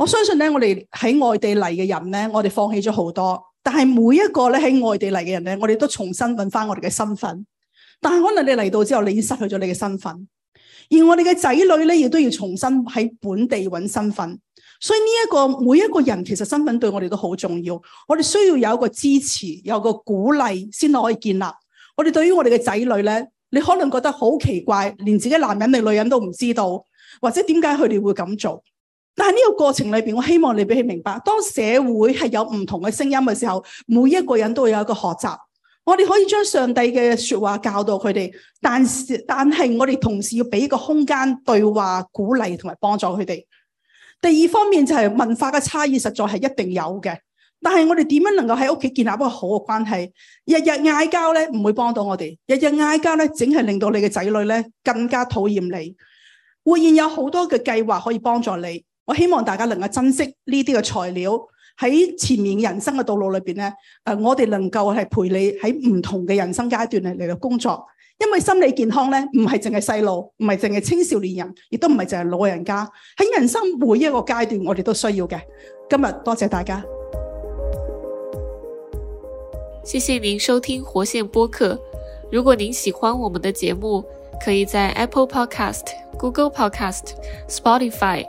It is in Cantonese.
我相信咧，我哋喺外地嚟嘅人咧，我哋放棄咗好多。但係每一個咧喺外地嚟嘅人咧，我哋都重新揾翻我哋嘅身份。但係可能你嚟到之後，你已經失去咗你嘅身份。而我哋嘅仔女咧，亦都要重新喺本地揾身份。所以呢一個每一個人其實身份對我哋都好重要。我哋需要有一個支持，有個鼓勵，先可以建立。我哋對於我哋嘅仔女咧，你可能覺得好奇怪，連自己男人定女人都唔知道，或者點解佢哋會咁做。但係呢個過程裏邊，我希望你俾佢明白，當社會係有唔同嘅聲音嘅時候，每一個人都會有一個學習。我哋可以將上帝嘅說話教導佢哋，但是但係我哋同時要俾個空間對話、鼓勵同埋幫助佢哋。第二方面就係文化嘅差異，實在係一定有嘅。但係我哋點樣能夠喺屋企建立一個好嘅關係？日日嗌交咧，唔會幫到我哋。日日嗌交咧，淨係令到你嘅仔女咧更加討厭你。會然有好多嘅計劃可以幫助你。我希望大家能夠珍惜呢啲嘅材料，喺前面人生嘅道路裏邊咧、呃。我哋能夠係陪你喺唔同嘅人生階段嚟嚟工作，因為心理健康呢，唔係淨係細路，唔係淨係青少年人，亦都唔係淨係老人家，喺人生每一個階段，我哋都需要嘅。今日多謝大家，謝謝您收聽活現播客。如果您喜歡我們的節目，可以在 Apple Podcast、Google Podcast、Spotify。